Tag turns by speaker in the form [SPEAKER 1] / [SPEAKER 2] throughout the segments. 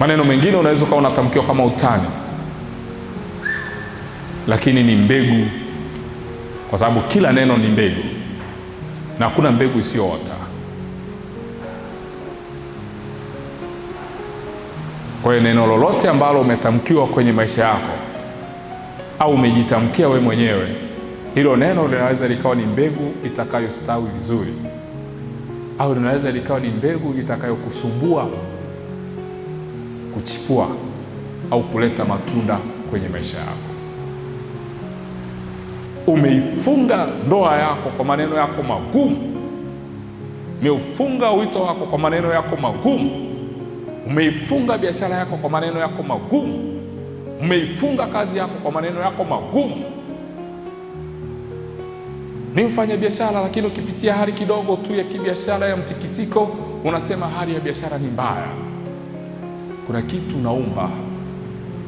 [SPEAKER 1] Maneno mengine unaweza ukawa unatamkiwa kama utani, lakini ni mbegu, kwa sababu kila neno ni mbegu na hakuna mbegu isiyoota. Kwa hiyo neno lolote ambalo umetamkiwa kwenye maisha yako au umejitamkia we mwenyewe, hilo neno linaweza likawa ni mbegu itakayostawi vizuri, au linaweza likawa ni mbegu itakayokusumbua kuchipua au kuleta matunda kwenye maisha yako. Umeifunga ndoa yako kwa maneno yako magumu, umeufunga wito wako kwa maneno yako magumu, umeifunga biashara yako kwa maneno yako magumu, umeifunga kazi yako kwa maneno yako magumu. Ni mfanya biashara, lakini ukipitia hali kidogo tu ya kibiashara ya mtikisiko, unasema hali ya biashara ni mbaya kuna kitu naumba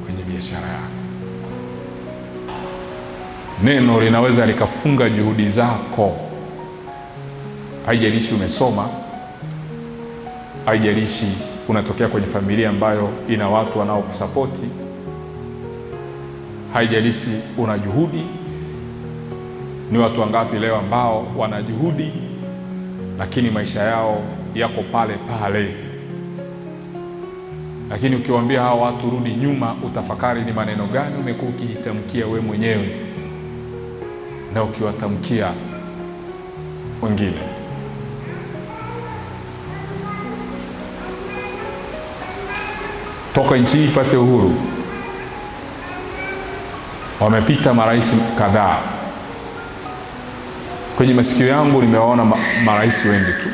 [SPEAKER 1] kwenye biashara yako. Neno linaweza likafunga juhudi zako, haijalishi umesoma, haijalishi unatokea kwenye familia ambayo ina watu wanaokusapoti, haijalishi una juhudi. Ni watu wangapi leo ambao wana juhudi lakini maisha yao yako pale pale? Lakini ukiwaambia hawa watu rudi nyuma, utafakari ni maneno gani umekuwa ukijitamkia we mwenyewe na ukiwatamkia wengine. Toka nchi hii ipate uhuru, wamepita marais kadhaa. Kwenye masikio yangu nimewaona marais wengi tu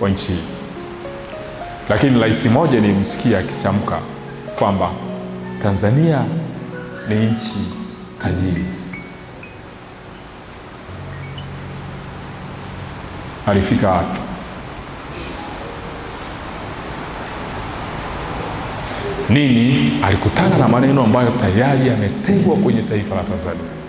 [SPEAKER 1] wa nchi hii. Lakini rais moja nilimsikia akisamka kwamba Tanzania ni nchi tajiri. Alifika hapo Nini? Alikutana na maneno ambayo tayari yametengwa kwenye taifa la Tanzania.